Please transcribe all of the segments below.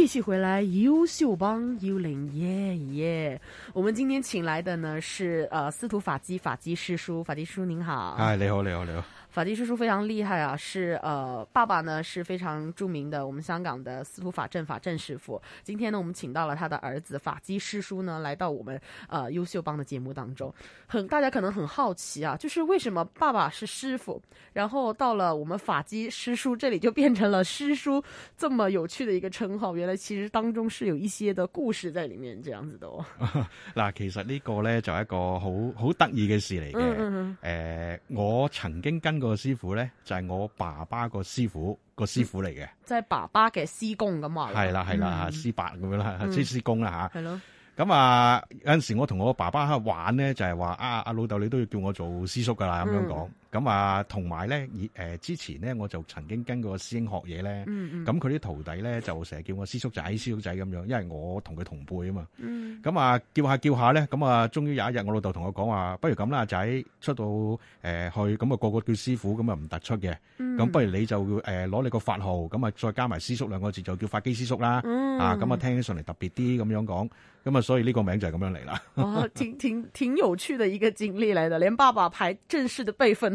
繼續回來，優秀幫幽靈耶耶。我們今天請來的呢是呃司徒法基，法基師叔，法基師叔您好。哎，你好，你好，你好。法基師叔非常厲害啊，是呃，爸爸呢是非常著名的，我們香港的司徒法正法正師傅。今天呢，我們請到了他的兒子法基師叔呢，來到我們呃優秀幫的節目當中。很，大家可能很好奇啊，就是為什麼爸爸是師傅，然後到了我們法基師叔這裏就變成了師叔這麼有趣的一個稱號？原來其實當中是有一些的故事在裏面這樣子的哦。那其實呢個呢就係，一個好好得意嘅事嚟嘅。嗯，嗯，嗯、呃，我曾經跟個師傅咧，就係我爸爸個師傅個師傅嚟嘅，即係爸爸嘅師公咁話。係啦係啦，師伯咁樣啦，即係師公啦吓。係咯。咁啊，有陣時我同我爸爸喺度玩咧，就係話啊，阿老豆，你都要叫我做師叔噶啦，咁樣講。咁啊，同埋咧，以誒之前咧，我就曾經跟過師兄學嘢咧。咁佢啲徒弟咧就成日叫我師叔仔、師叔仔咁樣，因為我同佢同輩啊嘛。咁、嗯、啊，叫下叫下咧，咁啊，終於有一日，我老豆同我講，話不如咁啦，阿仔出到誒、呃、去，咁啊個個叫師傅，咁啊唔突出嘅。咁、嗯、不如你就誒攞、呃、你個法號咁啊再加埋師叔兩個字，就叫法基師叔啦。嗯、啊，咁啊聽起上嚟特別啲咁樣講，咁啊，所以呢個名就係咁樣嚟啦。哦，挺挺挺有趣的一個經歷嚟的， 連爸爸排正式的輩分。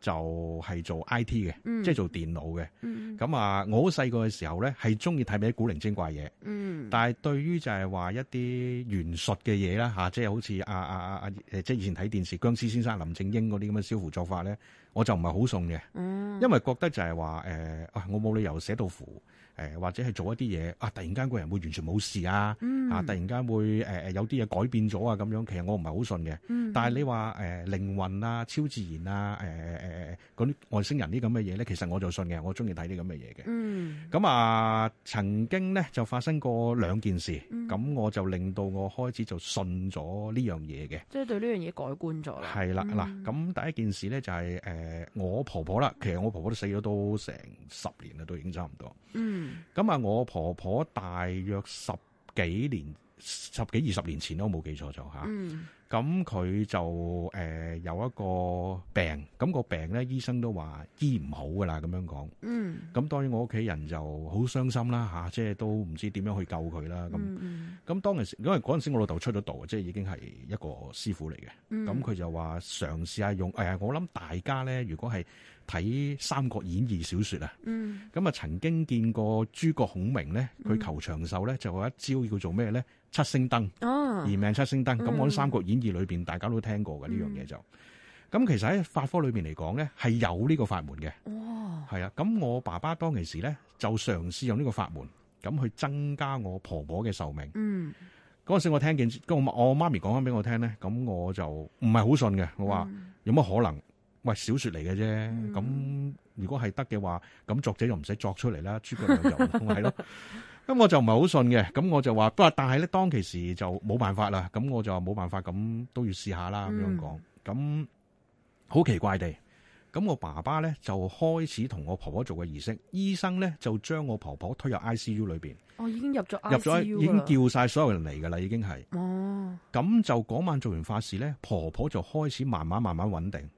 就係、是、做 I T 嘅，即、就、係、是、做電腦嘅。咁、嗯嗯嗯、啊，我好細個嘅時候咧，係鍾意睇啲古靈精怪嘢。但係對於就係話一啲玄術嘅嘢啦嚇，即係好似啊啊啊阿、啊啊啊，即係以前睇電視《僵屍先生》、林正英嗰啲咁嘅消符作法咧。我就唔係好信嘅，因為覺得就係話誒，我冇理由寫到符誒、呃，或者係做一啲嘢啊，突然間個人會完全冇事啊，嗯、啊，突然間會誒誒、呃、有啲嘢改變咗啊，咁樣其實我唔係好信嘅。嗯、但係你話誒、呃、靈魂啊、超自然啊、誒誒嗰啲外星人啲咁嘅嘢咧，其實我就信嘅，我中意睇啲咁嘅嘢嘅。咁、嗯、啊、呃，曾經咧就發生過兩件事，咁、嗯、我就令到我開始就信咗呢樣嘢嘅。即係對呢樣嘢改觀咗啦。係啦，嗱、嗯，咁第一件事咧就係、是、誒。呃誒，我婆婆啦，其實我婆婆都死咗都成十年啦，都已經差唔多。嗯，咁啊，我婆婆大約十幾年、十幾二十年前都冇記錯咗吓。嗯。咁佢就誒、呃、有一個病，咁、那個病咧，醫生都話醫唔好㗎啦，咁樣講嗯。咁當然我屋企人就好傷心啦吓、啊，即係都唔知點樣去救佢啦。咁。嗯。咁當陣時因為陣時我老豆出咗道即係已經係一個師傅嚟嘅。咁、嗯、佢就話嘗試下用誒、哎、我諗大家咧，如果係睇《三國演義》小說啊。嗯。咁啊，曾經見過諸葛孔明咧，佢求長壽咧，就話一招叫做咩咧？七星燈哦。延命七星燈，咁我三國演》。意裏邊大家都聽過嘅呢樣嘢就，咁、嗯、其實喺法科裏邊嚟講咧係有呢個法門嘅，係、哦、啊，咁我爸爸當其時咧就嘗試用呢個法門，咁去增加我婆婆嘅壽命。嗯，嗰陣時我聽見，我我媽咪講翻俾我聽咧，咁我就唔係好信嘅，我話有乜可能？喂，小說嚟嘅啫，咁、嗯、如果係得嘅話，咁作者又唔使作出嚟啦，諸葛亮又唔通係咯。 咁我就唔係好信嘅，咁我就話，不過但係咧當其時就冇辦法啦，咁我就冇辦法，咁都要試下啦，咁、嗯、樣講，咁好奇怪地，咁我爸爸咧就開始同我婆婆做個儀式，醫生咧就將我婆婆推入 I C U 裏邊。哦，已經入咗 I C U。入咗，已經叫晒所有人嚟噶啦，已經係。哦。咁就嗰晚做完法事咧，婆婆就開始慢慢慢慢穩定。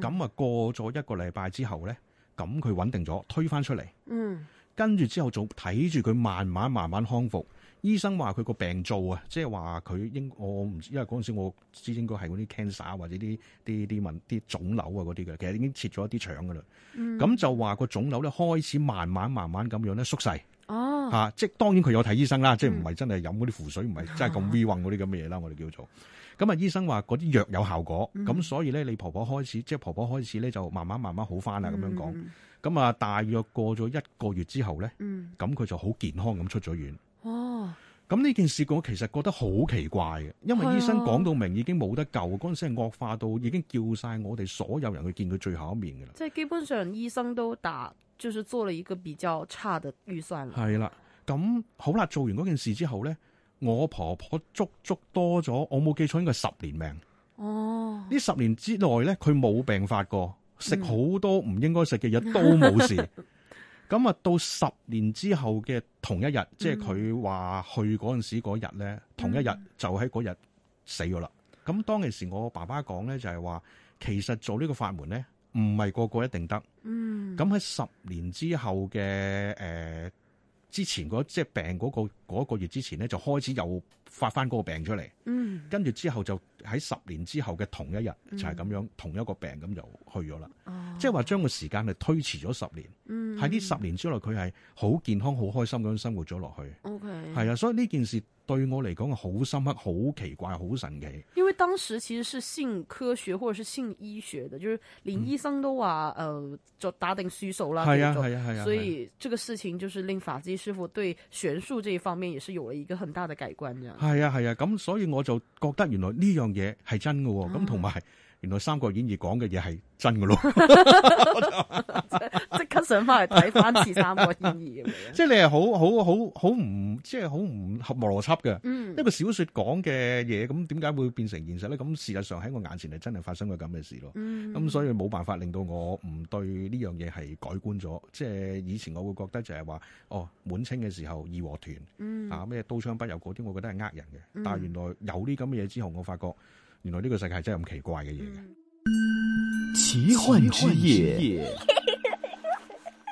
咁啊，過咗一個禮拜之後咧，咁佢穩定咗，推返出嚟。嗯。跟住之後就睇住佢慢慢慢慢康復，醫生話佢個病灶啊，即係話佢應該我唔知，因為嗰陣時我知應該係嗰啲 cancer 啊或者啲啲啲問啲腫瘤啊嗰啲嘅，其實已經切咗一啲腸噶啦。咁、嗯、就話個腫瘤咧開始慢慢慢慢咁樣咧縮細，嚇、哦啊，即係當然佢有睇醫生啦、嗯，即係唔係真係飲嗰啲符水，唔係真係咁 we 嗰啲咁嘅嘢啦。我哋叫做咁啊，醫生話嗰啲藥有效果，咁、嗯、所以咧你婆婆開始即係婆婆開始咧就慢慢慢慢好翻啦咁樣講。咁啊，大約過咗一個月之後咧，咁、嗯、佢就好健康咁出咗院。哦，咁呢件事我其實覺得好奇怪嘅，因為醫生講到明已經冇得救，嗰陣、啊、時係惡化到已經叫晒我哋所有人去見佢最後一面噶啦。即係基本上醫生都打，就是做了一個比較差的預算。係啦，咁好啦，做完嗰件事之後咧，我婆婆足足多咗，我冇記錯應該係十年命。哦，呢十年之內咧，佢冇病發過。食好多唔應該食嘅嘢，都冇事，咁 啊到十年之後嘅同一日，嗯，即係佢話去嗰陣時嗰日咧，同一日就喺嗰日死咗啦。咁、嗯、當其時，我爸爸講咧就係話，其實做呢個法門咧唔係個個一定得，嗯。咁喺十年之後嘅誒、呃、之前嗰即係病嗰、嗰個嗰、嗰個月之前咧就開始有，發翻嗰個病出嚟，跟、嗯、住之後就喺十年之後嘅同一日就係咁樣、嗯、同一個病咁就去咗啦、哦，即係話將個時間係推遲咗十年，喺、嗯、呢十年之內佢係好健康好開心咁樣生活咗落去，係、嗯 okay，啊，所以呢件事對我嚟講好深刻、好奇怪、好神奇。因為當時其實是信科學或者是信醫學的，就是連醫生都話誒、嗯呃、打定輸數啦，係啊係啊係啊，所以呢、啊啊啊、個事情就是令法迹師傅對玄術這一方面也是有了一個很大的改觀的，係啊，係啊，咁、啊啊、所以我就覺得原來呢樣嘢係真㗎喎，咁同埋原來《三國演義》講嘅嘢係真㗎咯。想翻嚟睇翻次《三國演義》，即係你係好好好好唔，即係好唔合邏輯嘅。嗯，一個小説講嘅嘢，咁點解會變成現實咧？咁事實上喺我眼前係真係發生過咁嘅事咯。嗯，咁所以冇辦法令到我唔對呢樣嘢係改觀咗。即係以前我會覺得就係話，哦，滿清嘅時候義和團，嗯、啊咩刀槍不入嗰啲，我覺得係呃人嘅。嗯、但係原來有呢咁嘅嘢之後，我發覺原來呢個世界真係咁奇怪嘅嘢嘅。奇、嗯、幻之夜。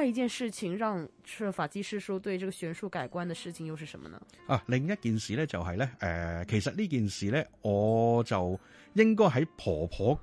另一件事情，讓是法基師叔對這個玄術改觀的事情又是什麼呢？啊，另一件事呢，就是，就係呢。誒，其實呢件事呢，我就應該喺婆婆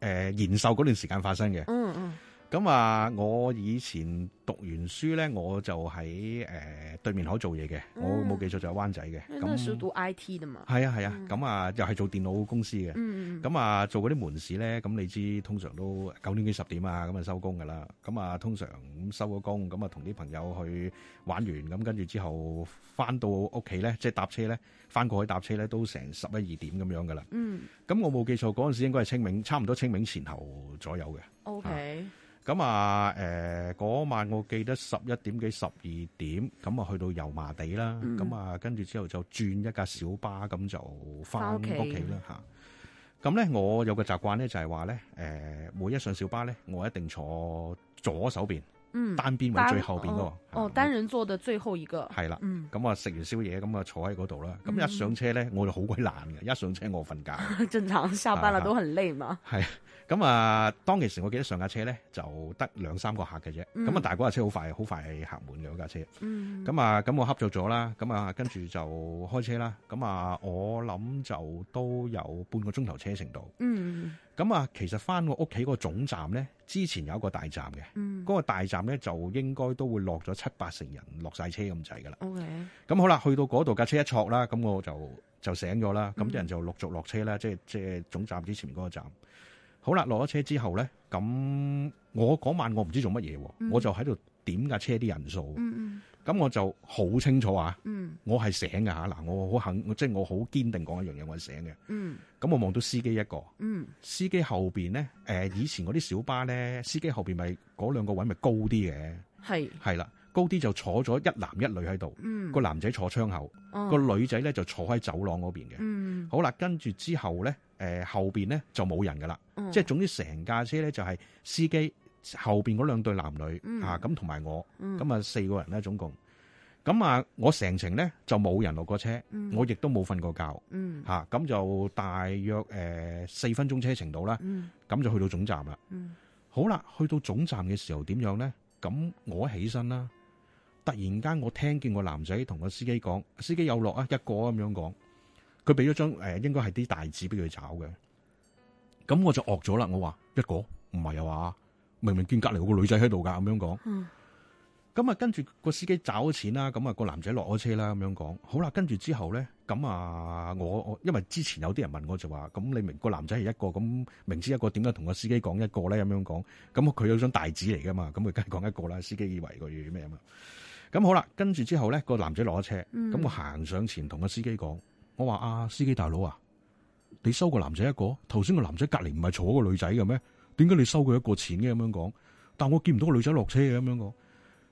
誒延壽嗰段時間發生嘅。嗯嗯。咁啊，我以前讀完書咧，我就喺，呃、對面口做嘢嘅。我冇記錯就係灣仔嘅。咁係讀 I T 嘅嘛？係啊係啊。咁、嗯、啊，又係做電腦公司嘅。咁、嗯、啊，做嗰啲門市咧。咁你知通常都九點幾十點啊，咁啊收工噶啦。咁啊，通常咁收咗工，咁啊同啲朋友去玩完，咁跟住之後翻到屋企咧，即係搭車咧，翻過去搭車咧都成十一二點咁樣噶啦。嗯。咁我冇記錯嗰陣時應該係清明，差唔多清明前後左右嘅。OK。啊。咁啊，誒、呃、嗰、那個、晚我記得十一點幾十二點，咁啊去到油麻地啦，咁、嗯、啊跟住之後就轉一架小巴，咁就翻屋企啦咁咧，我有個習慣咧，就係話咧，每一上小巴咧，我一定坐左手邊，嗯，單邊為最後邊噶喎。哦，單人坐嘅最後一個。係啦，咁啊食完宵夜，咁啊坐喺嗰度啦。咁、嗯、一上車咧，我就好鬼懶嘅，一上車我瞓覺。正常下班啦都很累嘛。啊，係。咁啊，當其時我記得上架車咧，就得兩三個客嘅啫。咁、嗯、啊，但係嗰架車好快，好快係客滿嘅架車。咁、嗯、啊，咁我瞌咗啦。咁啊，跟住就開車啦。咁啊，我諗就都有半個鐘頭車程度。咁、嗯、啊，其實翻我屋企個總站咧，之前有一個大站嘅。嗰、嗯、那個大站咧，就應該都會落咗七八成人落晒車咁滯㗎啦。咁、okay. 好啦，去到嗰度架車一駛啦，咁我就就醒咗啦。咁啲人就陸續落車啦、嗯，即係即係總站之前嗰個站。好啦，落咗車之後咧，咁我嗰晚我唔知做乜嘢、嗯，我就喺度點架車啲人數。咁、嗯嗯、我就好清楚啊，我係醒噶吓，嗱，我好、啊、肯，即、就、係、是、我好堅定講一樣嘢，我係醒嘅。咁、嗯、我望到司機一個，嗯、司機後邊咧，誒、呃，以前嗰啲小巴咧，司機後邊咪嗰兩個位咪高啲嘅，係係啦，高啲就坐咗一男一女喺度、嗯，個男仔坐窗口、哦，個女仔咧就坐喺走廊嗰邊嘅。好啦，跟住之後咧。誒後邊咧就冇人㗎啦，即、哦、係總之成架車咧就係司機後邊嗰兩對男女咁同埋我，咁、嗯、啊四個人咧總共，咁、嗯、啊我成程咧就冇人落過車、嗯，我亦都冇瞓過覺咁、嗯啊、就大約四、呃、分鐘車程度啦，咁、嗯、就去到總站啦、嗯。好啦，去到總站嘅時候點樣咧？咁我起身啦，突然間我聽見個男仔同個司機講，司機有落啊一個咁樣講。佢俾咗張誒，應該係啲大紙俾佢找嘅。咁我就惡咗啦。我話一個唔係，又話明明見隔籬個個女仔喺度噶。咁樣講，咁 啊跟住個司機找錢啦。咁啊個男仔落咗車啦。咁樣講好啦。跟住之後咧，咁啊我我因為之前有啲人問我就話，咁你明個男仔係一個咁明知一個點解同個司機講一個咧？咁樣講，咁佢有張大紙嚟噶嘛？咁佢梗係講一個啦。司機以為個咩啊嘛？咁好啦，跟住之後咧個男仔落咗車，咁我行上前同個司機講。我話啊，司機大佬啊，你收個男仔一個，頭先個男仔隔籬唔係坐個女仔嘅咩？點解你收佢一個錢嘅？咁樣講，但我見唔到個女仔落車嘅。咁樣講，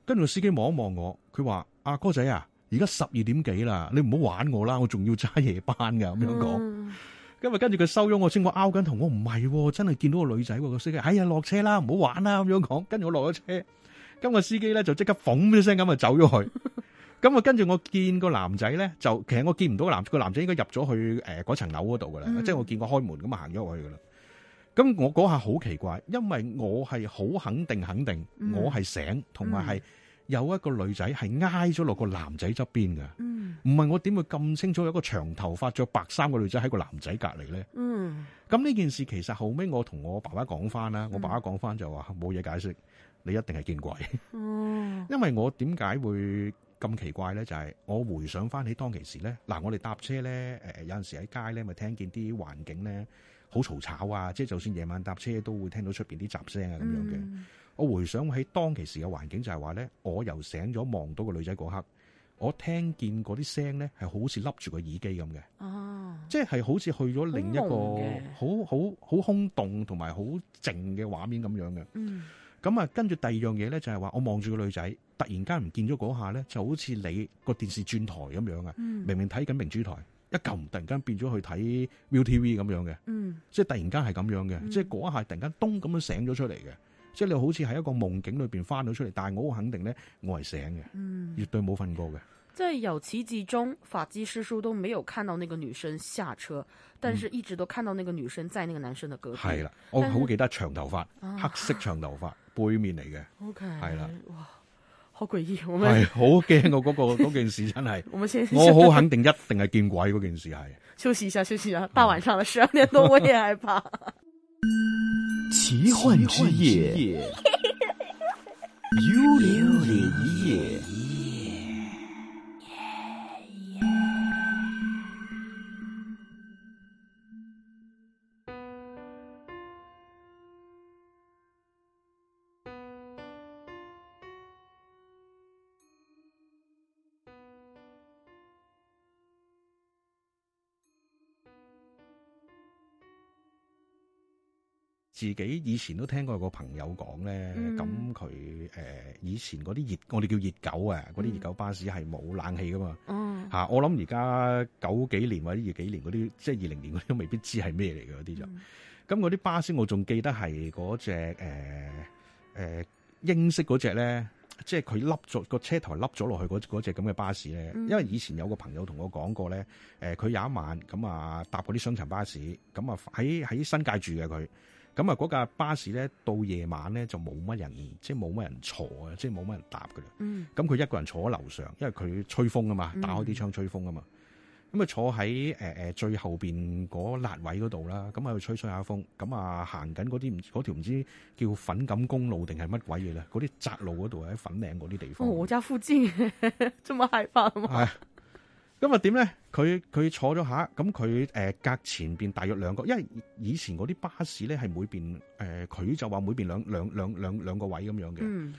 跟住個司機望一望我，佢話阿哥仔、嗯、啊，而家十二點幾啦，你唔好玩我啦，我仲要揸夜班噶。咁樣講，今日跟住佢收咗我先，我拗緊同我唔係，真係見到個女仔。個司機：哎呀，落車啦，唔好玩啦。咁樣講，跟住我落咗車，咁個司機咧就即刻諷一聲咁啊走咗去。 咁跟住我見個男仔咧，就其實我見唔到個男個男仔應該入咗去誒嗰層樓嗰度噶啦，即係我見個開門咁啊行咗去噶啦。咁我嗰下好奇怪，因為我係好肯定肯定，我係醒，同埋係有一個女仔係挨咗落個男仔側邊嘅。嗯，唔係我點會咁清楚有一個長頭髮着白衫嘅女仔喺個男仔隔籬咧？嗯，咁呢件事其實後尾我同我爸爸講翻啦，我爸爸講翻就話冇嘢解釋，你一定係見鬼。哦。因為我點解會？咁奇怪咧，就係、是、我回想翻起當其時咧，嗱，我哋搭車咧，誒、呃，有陣時喺街咧，咪聽見啲環境咧好嘈吵啊！即係就算夜晚搭車都會聽到出邊啲雜聲啊，咁樣嘅。我回想起當其時嘅環境，就係話咧，我又醒咗，望到個女仔嗰刻，我聽見嗰啲聲咧，係好似笠住個耳機咁嘅，哦、啊，即係好似去咗另一個好好好空洞同埋好靜嘅畫面咁樣嘅。嗯，咁、嗯、啊，跟住第二樣嘢咧，就係話我望住個女仔。突然間唔見咗嗰下咧，就好似你個電視轉台咁樣嘅、嗯，明明睇緊明珠台，一撳突然間變咗去睇 ViuTV 咁樣嘅、嗯，即係突然間係咁樣嘅、嗯，即係嗰一下突然間咚咁樣醒咗出嚟嘅，即係你好似喺一個夢境裏邊翻到出嚟，但係我好肯定咧，我係醒嘅，絕、嗯、對冇瞓過嘅。即係由始至終，法基師叔都沒有看到那個女生下車，但係一直都看到那個女生在那個男生嘅度。係啦，我好記得長頭髮，黑色長頭髮、啊，背面嚟嘅。OK，係啦，哇！好詭異，我係好驚個嗰個嗰件事真係。 我好肯定一定係見鬼嗰件事係。休息一下，休息一下，大晚上啦，十二點多，我也害怕。奇 幻之夜，幽 靈夜。自己以前都聽過一個朋友講咧，咁佢誒以前嗰啲熱，我哋叫熱狗啊。嗰啲熱狗巴士係冇冷氣噶嘛、哦、我諗而家九幾年或者二幾年嗰啲，即係二零年嗰啲都未必知係咩嚟嘅嗰啲就咁嗰啲巴士。我仲記得係嗰隻誒誒英式嗰隻咧，即係佢笠咗個車頭笠咗落去嗰嗰隻咁嘅巴士咧。因為以前有個朋友同我講過咧，誒佢有一晚咁啊、嗯、搭嗰啲雙層巴士咁啊，喺喺新界住嘅佢。咁啊，嗰架巴士咧，到夜晚咧就冇乜人意，即係冇乜人坐啊，即係冇乜人搭噶啦。咁、嗯、佢一個人坐喺樓上，因為佢吹風啊嘛，打開啲窗吹風啊嘛。咁、嗯、啊，坐喺誒誒，最後邊嗰辣位嗰度啦。咁喺去吹吹一下風。咁啊，行緊嗰啲唔條唔知叫粉錦公路定係乜鬼嘢啦？嗰啲窄路嗰度喺粉嶺嗰啲地方、哦。我家附近， 這麼害怕嗎？哎今日點咧？佢佢坐咗下，咁佢誒隔前邊大約兩個，因為以前嗰啲巴士咧係每邊誒，佢、呃、就話每邊兩兩兩兩兩個位咁樣嘅。咁、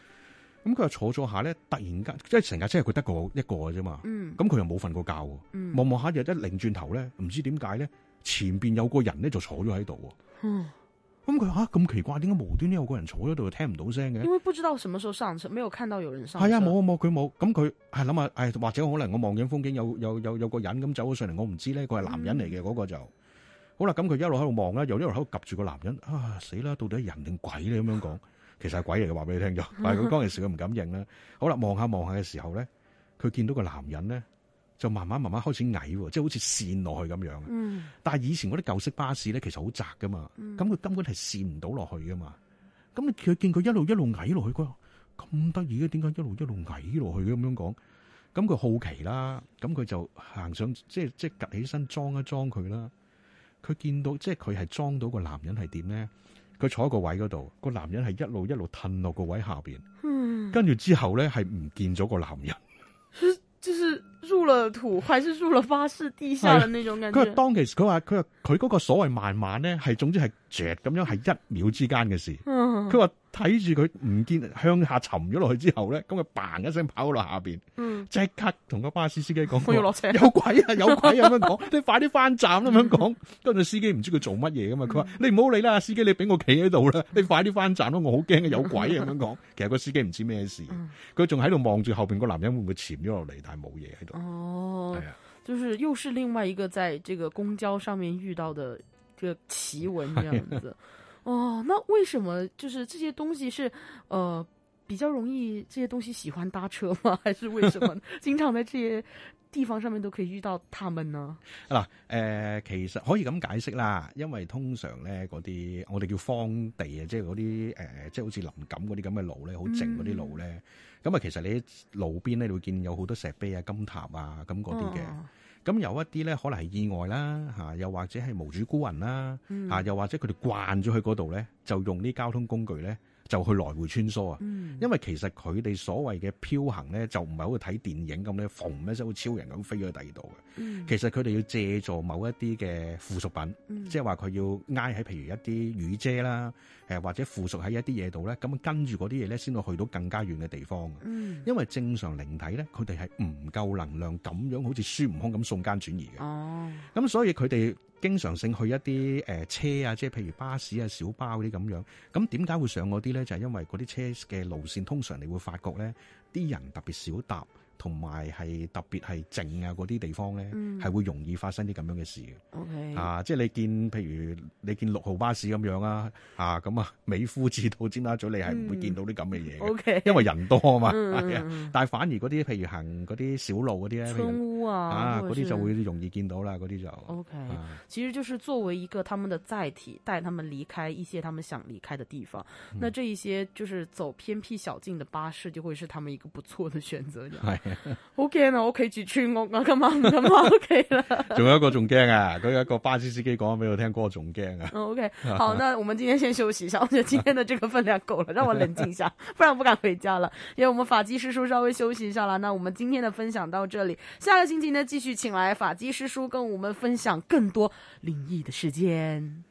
嗯、佢又坐咗下咧，突然間即係成架車係佢得個一個嘅啫嘛。咁、嗯、佢又冇瞓過覺，望望下又一擰轉頭咧，唔知點解咧，前邊有個人咧就坐咗喺度。嗯咁佢吓咁奇怪，點解無端端有個人坐喺度聽唔到聲嘅？因為不知道什麼時候上車，沒有看到有人上車。係啊，冇啊，冇佢冇，咁佢係諗下，誒、哎、或者可能我望緊風景，有有有有個人咁走咗上嚟，我唔知咧，佢係男人嚟嘅嗰個就好啦。咁佢一路喺度望啦，又一路喺度 𥄫 住個男人啊，死啦！到底係人定鬼咧？咁樣講，其實係鬼嚟嘅，話俾你聽咗。但係佢當其時佢唔敢認啦。好啦，望下望下嘅時候咧，佢見到個男人咧。就慢慢慢慢開始矮喎，即係好似蝕落去咁樣。嗯、但係以前嗰啲舊式巴士咧，其實好窄噶嘛，咁、嗯、佢根本係蝕唔到落去噶嘛。咁佢見佢一路一路矮落去嘅，咁得意嘅？點解一路一路矮落去嘅？咁樣講，咁佢好奇啦，咁佢就行上，即係即係趌起身裝一裝佢啦。佢見到即係佢係裝到個男人係點咧？佢坐喺個位嗰度，個男人係一路一路褪落個位下邊，跟、嗯、住之後咧係唔見咗個男人。 入土還是入了巴士地下的那種感覺。佢、啊、當其時佢話佢佢個所謂漫漫咧，係總之係。咁樣係一秒之間嘅事。佢話睇住佢唔見向下沉咗落去之後咧，咁佢嘭一聲跑咗落下邊。即、嗯、刻同個巴士司機講：，我要落車。有鬼啊！有鬼啊！咁 樣講、嗯嗯，你快啲翻站啦！咁樣講，跟住司機唔知佢做乜嘢噶嘛？佢話：你唔好理啦，司機，你俾我企喺度啦，你快啲翻站啦，我好驚嘅，有鬼咁、啊、樣講。其實個司機唔知咩事，佢仲喺度望住後邊個男人會唔會潛咗落嚟，但係冇嘢喺度。哦、啊，就是又是另外一個在這個公交上面遇到嘅。就奇聞這樣子， 哦，那為什麼就是這些東西是，呃，比較容易這些東西喜歡搭車嗎？還是為什麼經常在這些地方上面都可以遇到他們呢？嗱、 啊，誒、呃，其實可以咁解釋啦，因為通常咧嗰啲我哋叫荒地啊，即係嗰啲誒，即係好似林錦嗰啲咁嘅路咧，好靜嗰啲路咧，咁、嗯、啊，其實你喺路邊咧你會見有好多石碑啊、金塔啊咁嗰啲嘅。那那咁有一啲咧，可能係意外啦，吓，又或者係無主孤魂啦，吓、嗯，又或者佢哋慣咗去嗰度咧，就用啲交通工具咧。就去來回穿梭啊！因為其實佢哋所謂嘅飄行咧，就唔係好似睇電影咁咧，馮咩即係好似超人咁飛咗去第二度嘅。其實佢哋要借助某一啲嘅附屬品，即係話佢要挨喺譬如一啲雨遮啦，誒或者附屬喺一啲嘢度咧，咁跟住嗰啲嘢咧，先可以去到更加遠嘅地方嘅。因為正常靈體咧，佢哋係唔夠能量咁樣好似孫悟空咁瞬間轉移嘅。哦，咁所以佢哋。經常性去一啲誒車啊，即係譬如巴士啊、小巴嗰啲咁樣，咁點解會上嗰啲咧？就係因為嗰啲車嘅路線通常你會發覺咧，啲人特別少搭。同埋係特別係靜啊嗰啲地方咧，係、嗯、會容易發生啲咁樣嘅事嘅。Okay, 啊，即係你見譬如你見六號巴士咁樣啊，啊咁啊美孚至到尖沙咀，你係唔會見到啲咁嘅嘢嘅，okay, 因為人多啊嘛。嗯、但係反而嗰啲譬如行嗰啲小路嗰啲咧，啊嗰啲就會容易見到啦，嗰啲就。OK、啊、其實就是作為一個他們嘅載體，帶他們離開一些他們想離開嘅地方，嗯。那這一些就是走偏僻小徑嘅巴士，就會是他們一個不錯的選擇。好 驚、okay, no, okay, 啊！我屋企住村屋，我今晚唔敢翻屋企啦。仲、okay、 有一個仲驚啊，佢有一個巴士司機講咗俾我聽，嗰仲驚啊。O、okay, K，好，那我們今天先休息一下，我覺得今天的這個分量夠了，讓我冷靜一下， 不然我不敢回家了。因為，我們法基師叔稍微休息一下啦。那我們今天的分享到這裏，下個星期呢繼續請來法基師叔跟我們分享更多靈異的事件。